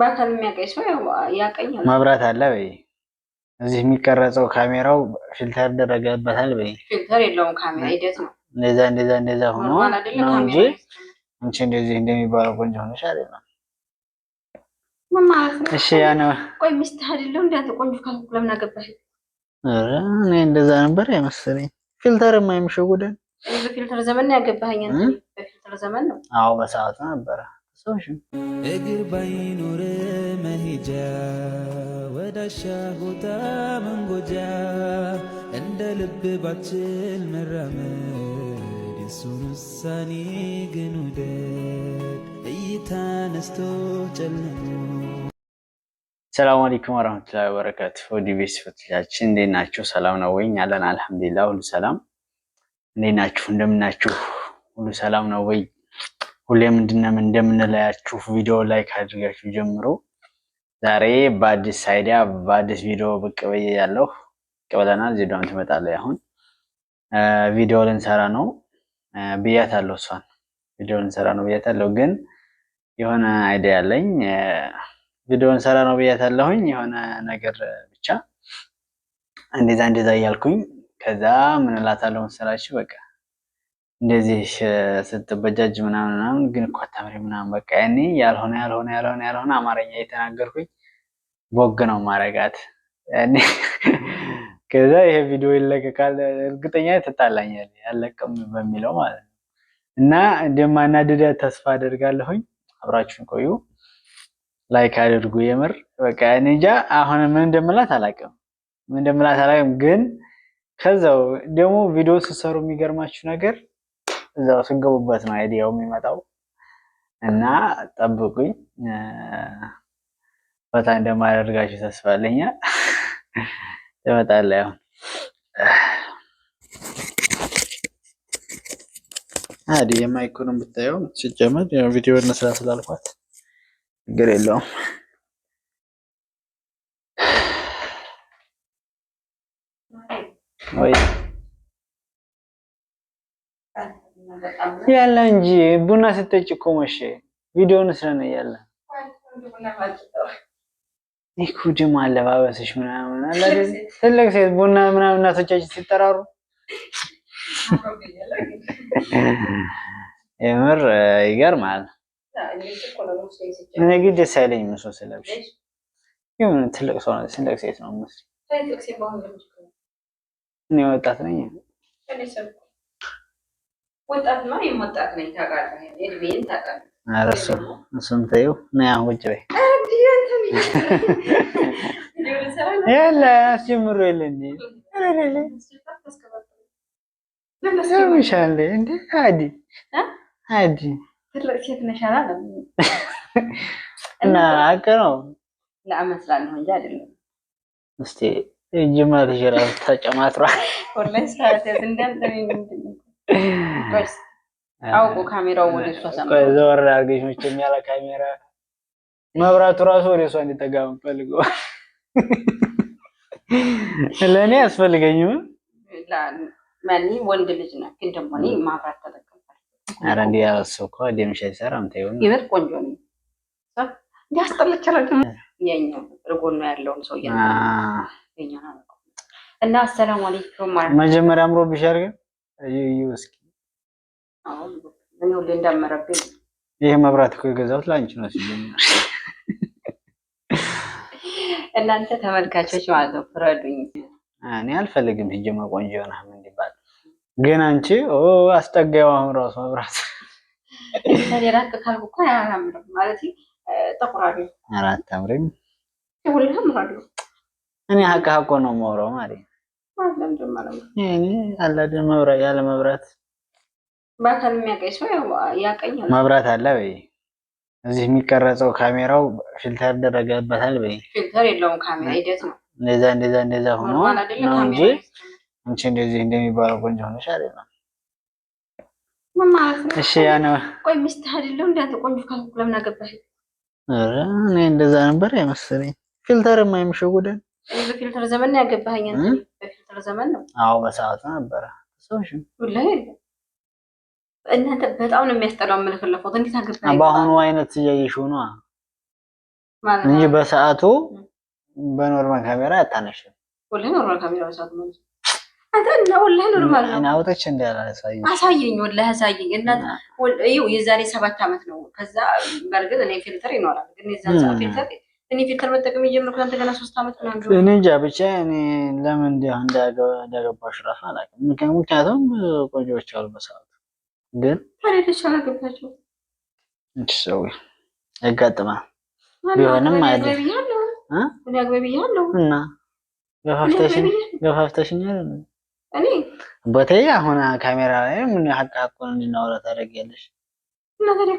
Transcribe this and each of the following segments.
በአካል የሚያቀኝ ሰው ያቀኛል። መብራት አለ በይ። እዚህ የሚቀረጸው ካሜራው ፊልተር ደረገበታል በይ። ፊልተር የለውም ካሜራ ሂደት ነው። እንደዛ እንደዛ እንደዛ ሆኖ ነው እንጂ አንቺ እንደዚህ እንደሚባለው ቆንጆ ሆነሽ አይደለም። እሺ ያ ነው። ቆይ ሚስትህ አይደለሁ ቆንጆ ካልኩ ለምን አገባሽ? ኧረ እኔ እንደዛ ነበር የመሰለኝ። ፊልተር የማይምሸጉደን ፊልተር ዘመን ነው ያገባኸኝ። በፊልተር ዘመን ነው። አዎ በሰዓቱ ነበረ እግር ባይኖር መሄጃ ወዳሻ መንጎጃ እንደ ልብ ባችል መራመድ የሱን ውሳኔ ግን ውደድ እይታ ነስቶ ጨልሞ ሰላም አለይኩም ወራህመቱላሂ ወበረካቱ። ዲቪስ ፈትላችን እንዴት ናችሁ? ሰላም ነው ወይ? አለን አልሐምዱሊላህ፣ ሁሉ ሰላም። እንዴት ናችሁ? እንደምናችሁ? ሁሉ ሰላም ነው ወይ? ሁሌም ምንድነው እንደምንለያችሁ ቪዲዮ ላይክ አድርጋችሁ ጀምሮ ዛሬ በአዲስ አይዲያ በአዲስ ቪዲዮ ብቅ ብዬ ያለሁ ብቅ ብለናል። ዜዶም ትመጣለች። አሁን ቪዲዮ ልንሰራ ነው ብያታለሁ። እሷን ቪዲዮ ልንሰራ ነው ብያታለሁ። ግን የሆነ አይዲያ ያለኝ ቪዲዮ ልንሰራ ነው ብያታለሁኝ። የሆነ ነገር ብቻ እንደዛ እንደዛ እያልኩኝ ከዛ ምን እላታለሁ መሰላችሁ በቃ እንደዚህ ስትበጃጅ ምናምን ምናምን ግን እኮ አታምሪ ምናምን በቃ ያኔ ያልሆነ ያልሆነ ያልሆነ ያልሆነ አማርኛ የተናገርኩኝ ቦግ ነው ማረጋት። ከዛ ይሄ ቪዲዮ ይለቀቃል፣ እርግጠኛ ትጣላኛል ያለቅም በሚለው ማለት ነው። እና እንደማናደዳ ተስፋ አደርጋለሁኝ። አብራችሁን ቆዩ፣ ላይክ አድርጉ። የምር በቃ እኔ እንጃ አሁን ምን እንደምላት አላቅም፣ ምን እንደምላት አላቅም። ግን ከዛው ደግሞ ቪዲዮ ስሰሩ የሚገርማችሁ ነገር እዛው ስገቡበት ነው አይዲያው የሚመጣው እና ጠብቁኝ። ቦታ እንደማደርጋችሁ ተስፋ አለኝ። ትመጣለህ አሁን አዲ የማይኮንም ብታየው ሲጀመር ቪዲዮ እንስራ ስላልኳት ችግር የለውም። ወይ ያለ እንጂ ቡና ስትጠጪ እኮ መቼ ቪዲዮውን ስለነ ያለ እኮ ደግሞ አለባበስሽ ምናምን አለ ትልቅ ሴት ቡና ምናምን እናቶቻችን ሲጠራሩ የምር ይገርማል። እኔ ግን ደስ አይለኝ ምሶ ስለብሽ ይሁን ትልቅ ሰው ነው ትልቅ ሴት ነው ምስ እኔ ወጣት ነኝ። ወጣት ነው። እኔም ወጣት ነኝ። ታውቃለህ፣ እድሜን ታውቃለህ። ኧረ እሱን ተይው። ነው አሁን ቁጭ በይ። የለ አስጀምሮ የለ እንደ ይሻል አዲ አዲ ትልቅ ሴት ነሽ አላለም እና ሀቅ ነው። ለአመስላለሁ እንጂ አይደለም። እስኪ ጅማሬሽ እራሱ ተጨማትሯል። አውቁ ካሜራው ወደ እሷ ዘወር አድርገሽ መቼም ያለ ካሜራ መብራቱ ራሱ ወደ እሷ እንዲጠጋ የምፈልገው ለእኔ ማኒ ወንድ ልጅ ነ ግን ደግሞ እኔ ማብራት ተጠቀምኩት። አረ እንዲ ያለሱ እኮ ደምሻ አይሰራም። ተይው ነው ይበል ቆንጆ ነው። እንዲያስጠለቻለሁ የኛው እርጎን ነው ያለውን ሰው እና አሰላሙ አለይኩም መጀመሪያ አምሮ ብሻርግን እዩ እስኪ ይህ መብራት እኮ የገዛሁት ነው። እናንተ ተመልካቾች ማለት ነው ፍረዱኝ። እኔ አልፈልግም። ሲጀመር ቆንጆ ሆነ እንዲባል ግን አንቺ አስጠጋዩ አሁን ራሱ መብራት ራቅ ካልኩ እኮ አያምርም ማለት እኔ ሀቅ ሀቆ ነው የማወራው ማለት ነው ያለ መብራት በአካል የሚያቀኝ ሰው ያቀኛል። መብራት አለ በይ። እዚህ የሚቀረጸው ካሜራው ፊልተር ደረገበታል በይ። ፊልተር የለውም ካሜራ ሂደት ነው። እንደዛ እንደዛ እንደዛ ሆኖ ነው እንጂ አንቺ እንደዚህ እንደሚባለው ቆንጆ ሆነሽ አይደለም። እሺ ያ ነው። ቆይ ሚስትህ ቆንጆ ካልኩ ለምን አገባሽ? እኔ እንደዛ ነበር አይመስለኝ ፊልተር የማይምሸው ጉደን በፊልተር ዘመን ነው ያገባኸኝ? በፊልተር ዘመን ነው? አዎ፣ በሰዓቱ ነበረ። እናንተ በጣም ነው የሚያስጠላው። የምልክለፎት እንዴት አገባኸኝ? በአሁኑ አይነት እያየሽው ነው እንጂ በሰዓቱ በኖርማል ካሜራ አታነሽም። ወላሂ ኖርማል ካሜራ በሰዓቱ ማለት ነው። ፊልተር ይኖራል፣ ግን የዛን ሰዓት ፊልተር እኔ ፊልተር መጠቀም የጀመርኩት ሶስት አመት ምናምን። እኔ እንጃ ብቻ እኔ ለምን እንዲህ እንዳገባሽ ራሱ አላውቅም። ምክንያቱም ቆንጆዎች አሉ በሰዓቱ ግን ሰው ያጋጥማል። ቢሆንም አለ እና ገፋፍተሽኛል። አሁን ካሜራ ላይ ምን ሀቅ ሀቁን እንድናወራ ታደርጊያለሽ።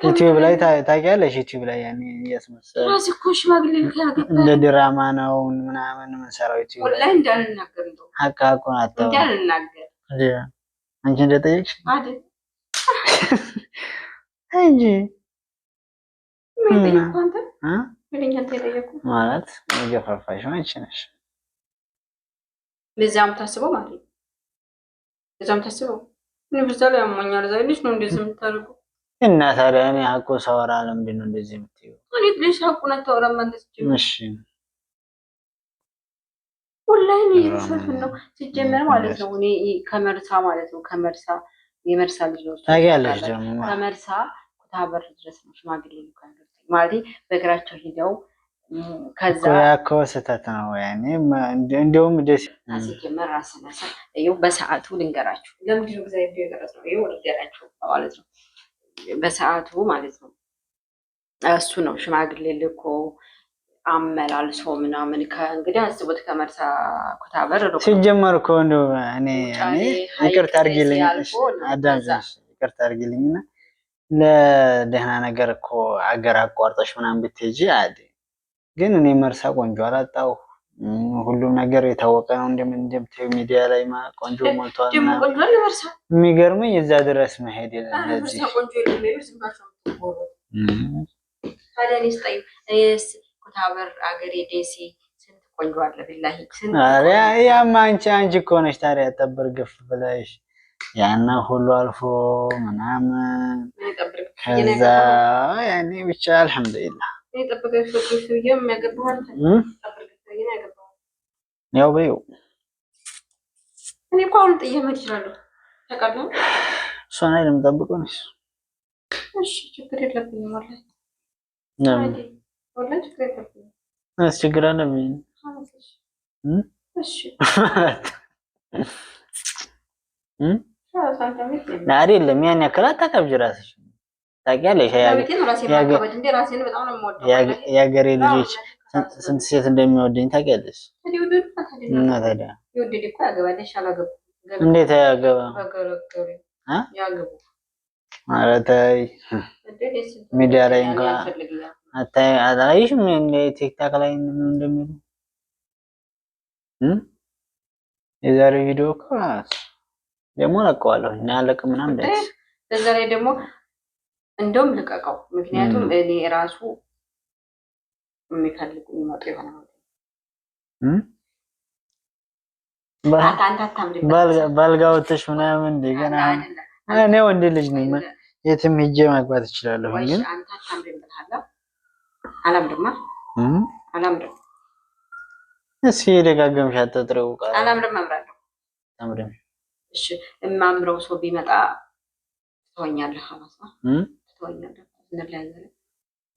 ዩቲዩብ ላይ ታውቂያለሽ? ዩቲዩብ ላይ ያኔ እያስመሰለ እንደ ድራማ ነው ምናምን የምንሰራው ዩቲዩብ ላይ እንዳልናገር እንደው አንቺ እንደጠየቅሽ እንጂ ማለት የገፋፋሽ አንቺ ነሽ። በዛም ታስበው ማለት ነው። በዛም ታስበው እኔ በዛ ላይ አሞኛል። ዛሬ ነው እንደዚህ የምታደርገው እና ታዲያ እኔ ሀቁ ሳወራ ለምንድን ነው እንደዚህ የምትይው? እንዴት ልጅ ሀቁን አታወራም ማለት ነው? እሺ ወላሂ ነው እየተሰፍን ነው ሲጀመር ማለት ነው። እኔ ከመርሳ ማለት ነው ከመርሳ የመርሳ ልጆች ታውቂያለሽ። ደግሞ ከመርሳ ኩታበር ድረስ ነው ሽማግሌ ማለት በእግራቸው ሂደው ከዛ ስህተት ነው። እንዲሁም እንደውም ደስ ሲጀመር ራስነሳ በሰዓቱ ልንገራችሁ ለምንድን ነው እግዚአብሔር የደረስ ነው ይሄ ወልገራችሁ ማለት ነው በሰዓቱ ማለት ነው። እሱ ነው ሽማግሌ ልኮ አመላልሶ ምናምን እንግዲህ አስቦት ከመርሳ ኩታበር ሲጀመር እኮ እንደው እኔ ይቅርታ አድርጊልኝ አዳምጪኝ፣ ይቅርታ አድርጊልኝና ለደህና ነገር እኮ አገር አቋርጠሽ ምናምን ብትሄጂ አይደል? ግን እኔ መርሳ ቆንጆ አላጣሁ ሁሉም ነገር የታወቀ ነው። እንደምታዩ ሚዲያ ላይ ቆንጆ ሞልቷል። የሚገርመኝ እዛ ድረስ መሄድ ለዚህ ያማ አንቺ አንቺ እኮ ነሽ ታዲያ ጠብር ግፍ ብለሽ ያና ሁሉ አልፎ ምናምን ከዛ ያኔ ብቻ አልሐምዱሊላህ ያው በይው እኔ እኮ አሁን ጥዬ መሄድ እችላለሁ። ታውቃለህ እሷን አይደል የምጠብቀው እሺ ችግር የለብኝም ወላሂ። ችግር የለብኝም። እሺ ችግር እሺ አይደለም ያን ያክል አታከብጂ እራስሽን ታውቂያለሽ። የሀገሬ ልጆች ስንት ሴት እንደሚወደኝ ታውቂያለሽ። እንዴት ያገባ ሚዲያ ላይ እንኳን አታይሽም? ቲክታክ ላይ እንደሚሉ የዛሬ ቪዲዮ እኮ ደግሞ ለቀዋለሁ እና ያለቅ ምናም ደስ በዛ ላይ ደግሞ እንደውም ልቀቀው። ምክንያቱም እኔ ራሱ የሚፈልጉ የሚመጡ የሆነ ባልጋ ወተሽ ምናምን እንደገና እኔ ወንድ ልጅ ነኝ፣ የትም ሄጄ ማግባት እችላለሁ። ግን እስኪ የደጋገምሽ አትጥሪው ቃል አላምድም አምራለሁ። አምድም እሺ፣ የማምረው ሰው ቢመጣ ትሆኛለህ፣ ማለት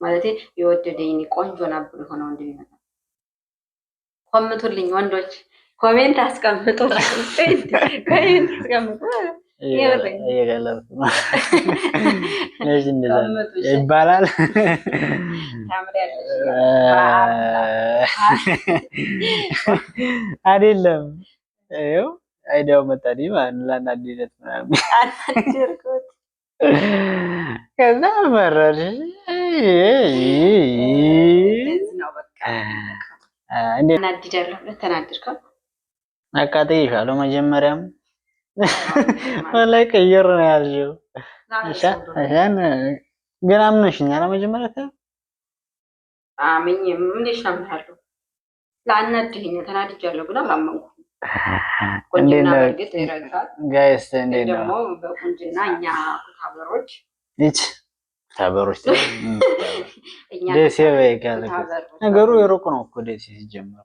ማለቴ የወደደኝ ቆንጆ ናብር የሆነ ወንድ ቢመጣ ኮምቱልኝ ወንዶች ኮሜንት አስቀምጡ፣ ኮሜንት አስቀምጡ ይባላል። አይደለም ይኸው አይዲያው መጣኒ ላናድነት ምናምን ከዛ መረር ተናድጃለሁ። ተናድርከው አቃጥይሻለሁ። መጀመሪያም ወላሂ ቀየር ነው ያልሽው። ግን አምነሽኛል። መጀመሪያ ታ አምኝ ምን ታሉ ላናድህኝ ተናድጃለሁ፣ ብላ ማመንኩ ነገሩ የሩቅ ነው እኮ ደሴ ሲጀመር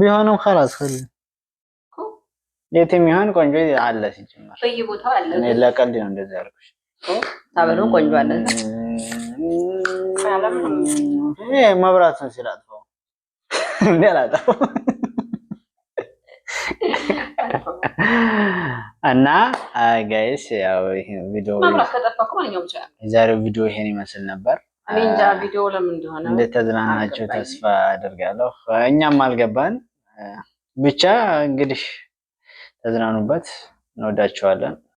ቢሆንም ኸላስ ሁሉ የት የሚሆን ቆንጆ አለ ሲጀመር በየቦታው አለ። እኔ ለቀልድ ነው እንደዚህ ያልኩሽ። ታበሉ ቆንጆ አለ። እኔ መብራቱን ሲላጥፈው እንዴ አላጠፋው እና ጋይስ ያው ይሄ ቪዲዮ መብራት ከጠፋ እኮ ማንኛውም ይችላል። የዛሬው ቪዲዮ ይሄን ይመስል ነበር። እንደተዝናናችሁ ተስፋ አድርጋለሁ። እኛም አልገባን ብቻ እንግዲህ ተዝናኑበት። እንወዳችኋለን።